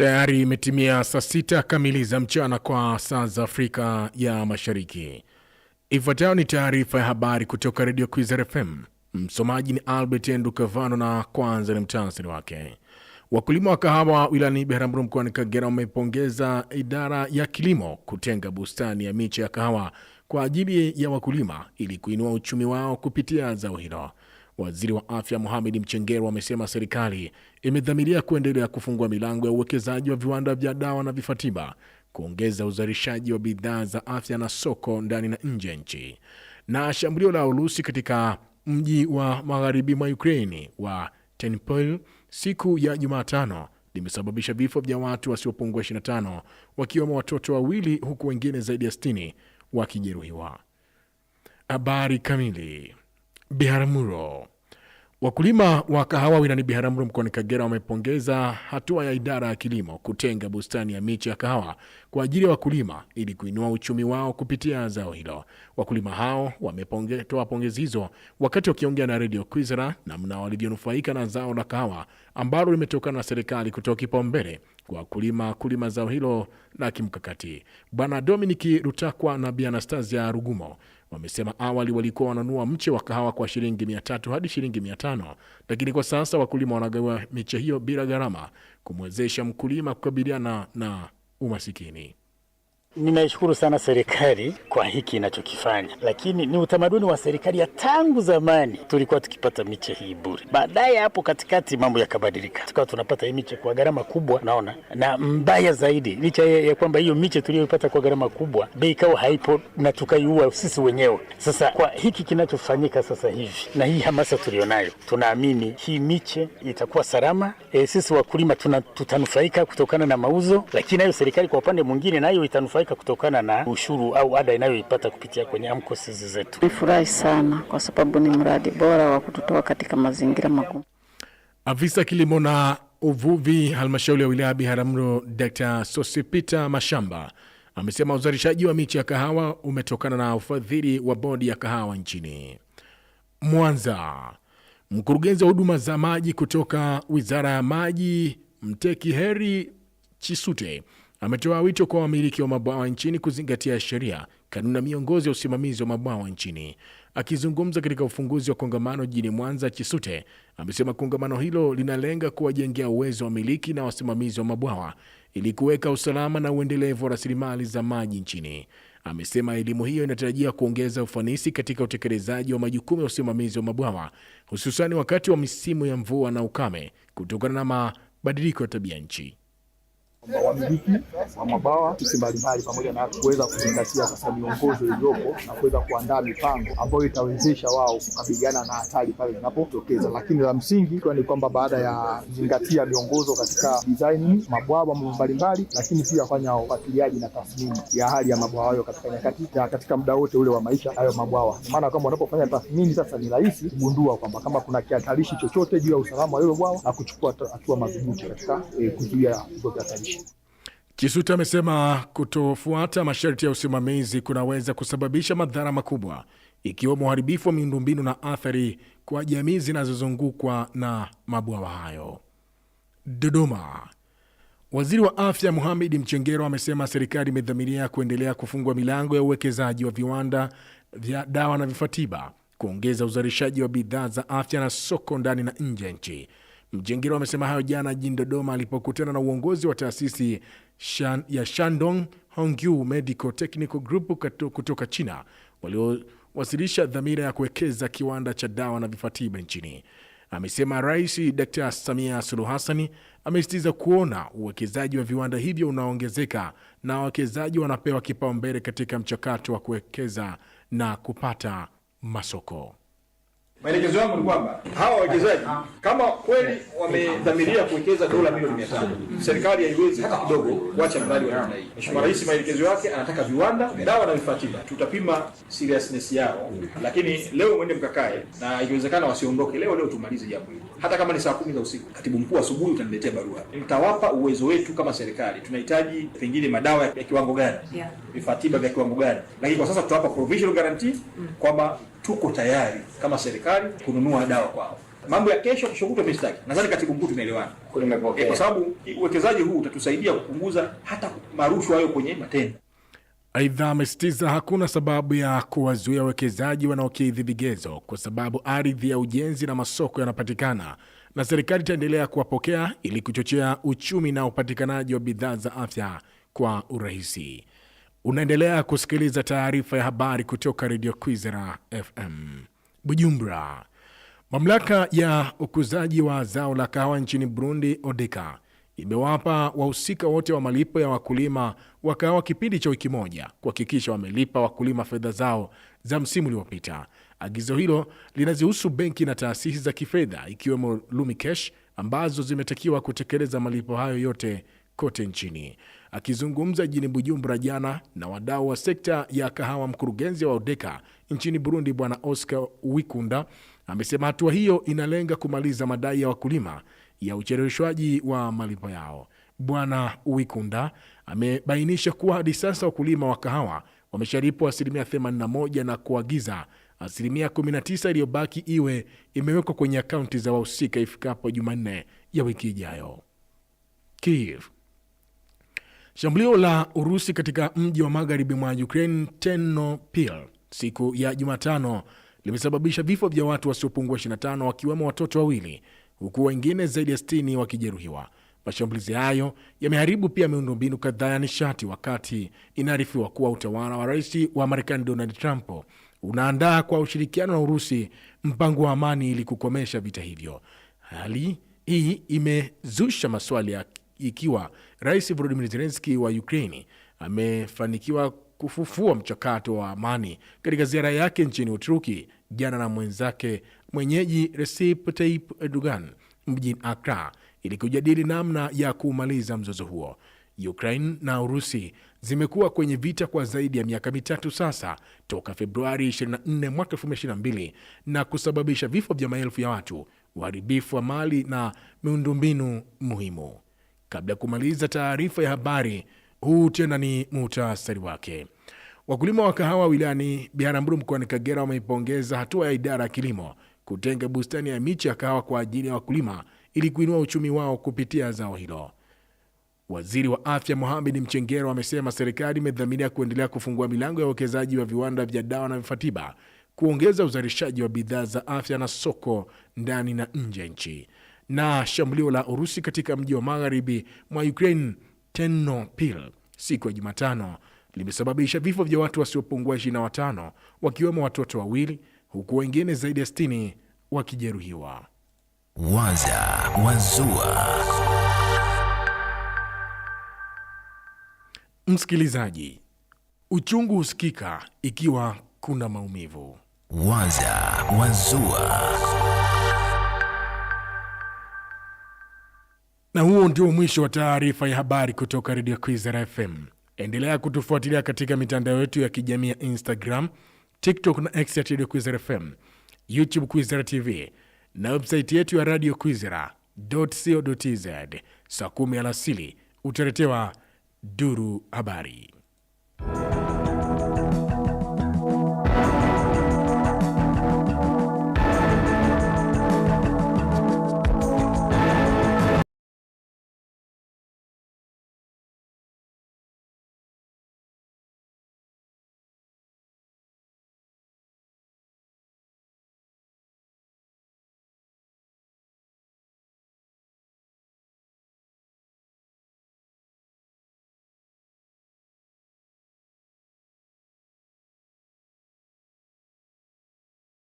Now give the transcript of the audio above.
Tayari imetimia saa sita kamili za mchana kwa saa za Afrika ya Mashariki. Ifuatayo ni taarifa ya habari kutoka Redio Kwizera FM. Msomaji ni Albert endu Kavano, na kwanza ni mtasari wake. Wakulima wa kahawa wilayani Biharamulo mkoani Kagera wamepongeza idara ya kilimo kutenga bustani ya miche ya kahawa kwa ajili ya wakulima ili kuinua uchumi wao kupitia zao hilo. Waziri wa Afya Mohamed Mchengerwa amesema serikali imedhamiria kuendelea kufungua milango ya uwekezaji wa viwanda vya dawa na vifaa tiba, kuongeza uzalishaji wa bidhaa za afya na soko ndani na nje ya nchi. Na shambulio la Urusi katika mji wa magharibi mwa Ukraini wa Ternopil siku ya Jumatano limesababisha vifo vya watu wasiopungua 25 wakiwemo watoto wawili huku wengine zaidi ya 60 wakijeruhiwa. Habari kamili Biharamulo. Wakulima wa kahawa wilayani Biharamulo mkoani Kagera wamepongeza hatua ya idara ya kilimo kutenga bustani ya miche ya kahawa kwa ajili ya wakulima ili kuinua uchumi wao kupitia zao hilo. Wakulima hao wametoa pongezi hizo wakati wakiongea na redio Kwizera namna walivyonufaika na zao la kahawa ambalo limetokana na serikali kutoa kipaumbele kwa kulima kulima zao hilo la kimkakati. Bwana Dominic Rutakwa na Bi Anastasia Rugumo wamesema awali walikuwa wananua mche wa kahawa kwa shilingi mia tatu hadi shilingi mia tano lakini kwa sasa wakulima wanagawa miche hiyo bila gharama kumwezesha mkulima kukabiliana na umasikini. Ninaishukuru sana serikali kwa hiki inachokifanya, lakini ni utamaduni wa serikali ya tangu zamani, tulikuwa tukipata miche hii bure. Baadaye hapo katikati mambo yakabadilika, tukawa tunapata hii miche kwa gharama kubwa, naona na mbaya zaidi, licha ya kwamba hiyo miche tuliyoipata kwa gharama kubwa, bei ikawa haipo na tukaiua sisi wenyewe. Sasa kwa hiki kinachofanyika sasa hivi na hii hamasa tulionayo, tunaamini hii miche itakuwa salama. E, sisi wakulima tutanufaika kutokana na mauzo, lakini nayo serikali kwa upande mwingine nayo itanufaika kunufaika kutokana na ushuru au ada inayoipata kupitia kwenye AMCOS zetu. Nifurahi sana kwa sababu ni mradi bora wa kututoa katika mazingira magumu. Afisa kilimo na uvuvi halmashauri ya wilaya Biharamulo, Dr. Sosipita Mashamba amesema uzalishaji wa miche ya kahawa umetokana na ufadhili wa bodi ya kahawa nchini. Mwanza, mkurugenzi wa huduma za maji kutoka wizara ya maji Mteki Heri Chisute ametoa wito kwa wamiliki wa mabwawa nchini kuzingatia sheria, kanuni na miongozo ya usimamizi wa mabwawa nchini. Akizungumza katika ufunguzi wa kongamano jijini Mwanza, Chisute amesema kongamano hilo linalenga kuwajengea uwezo wa wamiliki na wasimamizi wa mabwawa ili kuweka usalama na uendelevu wa rasilimali za maji nchini. Amesema elimu hiyo inatarajia kuongeza ufanisi katika utekelezaji wa majukumu ya usimamizi wa mabwawa, hususani wakati wa misimu ya mvua na ukame kutokana na mabadiliko ya tabia nchi wamiliki wa mabawa sisi mbalimbali, pamoja na kuweza kuzingatia sasa miongozo iliyopo na kuweza kuandaa mipango ambayo itawezesha wao kukabiliana na hatari pale zinapotokeza. Lakini la msingi ikiwa ni kwamba baada ya kuzingatia miongozo katika design mabwawa mbalimbali, lakini pia fanya ufuatiliaji na tathmini ya hali ya mabwawa hayo katika nyakati na katika muda wote ule wa maisha hayo mabwawa, maana kwamba wanapofanya tathmini sasa, ni rahisi kugundua kwamba kama kuna kihatarishi chochote juu ya usalama wa hilo bwawa na kuchukua hatua madhubuti katika eh, kuzuia hizo vihatarishi nyingine. amesema kutofuata masharti ya usimamizi kunaweza kusababisha madhara makubwa ikiwemo uharibifu wa miundombinu na athari kwa jamii zinazozungukwa na mabwawa hayo. Dodoma. Waziri wa Afya muhamedi Mchengero amesema serikali imedhamiria kuendelea kufungua milango ya uwekezaji wa viwanda vya dawa na vifaa tiba, kuongeza uzalishaji wa bidhaa za afya na soko ndani na nje ya nchi. Mjengero amesema hayo jana jijini Dodoma alipokutana na uongozi wa taasisi shan, ya Shandong Hongyu Medical Technical Group kutoka China waliowasilisha dhamira ya kuwekeza kiwanda cha dawa na vifaa tiba nchini. Amesema Rais Dr. Samia Suluhu Hassan amesisitiza kuona uwekezaji wa viwanda hivyo unaongezeka na wawekezaji wanapewa kipaumbele katika mchakato wa kuwekeza na kupata masoko. Maelekezo yangu ni kwamba hawa wawekezaji ah. kama kweli wamedhamiria kuwekeza dola milioni 500, serikali haiwezi hata kidogo kuacha mradi wa namna hii. Mheshimiwa Rais, maelekezo yake anataka viwanda, dawa na vifaa tiba. Tutapima seriousness yao, lakini leo mwende mkakae, na ikiwezekana wasiondoke leo leo, tumalize jambo hili, hata kama ni saa kumi za usiku. Katibu mkuu asubuhi utaniletea barua, mtawapa uwezo wetu kama serikali, tunahitaji pengine madawa ya kiwango gani, vifaa tiba vya kiwango gani, lakini kwa sasa tutawapa provisional guarantee mm. kwamba tuko tayari kama serikali kununua dawa kwao. Mambo ya kesho kesho kutwa mistaki, nadhani katibu mkuu tunaelewana, eh, kwa sababu uwekezaji huu utatusaidia kupunguza hata marushwa hayo kwenye matendo. Aidha, amesitiza hakuna sababu ya kuwazuia wawekezaji wanaokidhi vigezo, kwa sababu ardhi ya ujenzi na masoko yanapatikana, na serikali itaendelea kuwapokea ili kuchochea uchumi na upatikanaji wa bidhaa za afya kwa urahisi. Unaendelea kusikiliza taarifa ya habari kutoka redio Kwizera FM Bujumbura. Mamlaka ya ukuzaji wa zao la kahawa nchini Burundi, ODEKA, imewapa wahusika wote wa malipo ya wakulima wa kahawa kipindi cha wiki moja kuhakikisha wamelipa wakulima fedha zao za msimu uliopita. Agizo hilo linazihusu benki na taasisi za kifedha ikiwemo Lumicash ambazo zimetakiwa kutekeleza malipo hayo yote kote nchini. Akizungumza jijini Bujumbura jana na wadau wa sekta ya kahawa, mkurugenzi wa Odeka nchini Burundi Bwana Oscar Wikunda amesema hatua hiyo inalenga kumaliza madai ya wakulima ya ucheleweshwaji wa malipo yao. Bwana Wikunda amebainisha kuwa hadi sasa wakulima wa kahawa wameshalipwa asilimia 81 na kuagiza asilimia 19 iliyobaki iwe imewekwa kwenye akaunti za wahusika ifikapo Jumanne ya wiki ijayo. Kiev. Shambulio la Urusi katika mji wa magharibi mwa Ukraine Ternopil siku ya Jumatano limesababisha vifo vya watu wasiopungua 25 wakiwemo watoto wawili huku wengine zaidi ya 60 wakijeruhiwa. Mashambulizi hayo yameharibu pia miundombinu kadhaa ya nishati, wakati inaarifiwa kuwa utawala wa rais wa Marekani Donald Trump unaandaa kwa ushirikiano na Urusi mpango wa amani ili kukomesha vita hivyo. Hali hii imezusha maswali ya ikiwa Rais volodimir zelenski wa Ukraini amefanikiwa kufufua mchakato wa amani katika ziara yake nchini Uturuki jana na mwenzake mwenyeji Recep Tayyip Erdogan mjini akra ili kujadili namna ya kumaliza mzozo huo. Ukraine na Urusi zimekuwa kwenye vita kwa zaidi ya miaka mitatu sasa toka Februari 24 mwaka 2022 na kusababisha vifo vya maelfu ya watu, uharibifu wa mali na miundombinu muhimu. Kabla ya kumaliza taarifa ya habari, huu tena ni muhtasari wake. Wakulima wa kahawa wilayani Biharamulo mkoani Kagera wameipongeza hatua ya idara ya kilimo kutenga bustani ya miche ya kahawa kwa ajili ya wakulima ili kuinua uchumi wao kupitia zao hilo. Waziri wa Afya Mohamed Mchengero amesema serikali imedhamiria kuendelea kufungua milango ya uwekezaji wa viwanda vya dawa na vifaa tiba, kuongeza uzalishaji wa bidhaa za afya na soko ndani na nje ya nchi na shambulio la Urusi katika mji wa magharibi mwa Ukraine Ternopil siku ya Jumatano limesababisha vifo vya watu wasiopungua watano wakiwemo watoto wawili huku wengine zaidi ya 60 wakijeruhiwa. Waza Wazua. Msikilizaji, uchungu husikika ikiwa kuna maumivu. Waza Wazua. Na huo ndio mwisho wa taarifa ya habari kutoka Redio Kwizera FM. Endelea kutufuatilia katika mitandao yetu ya kijamii ya Instagram, TikTok na X ya Redio Kwizera FM, YouTube Kwizera TV na websaiti yetu ya Radio Kwizera co.tz. Saa kumi alasili utaletewa duru habari.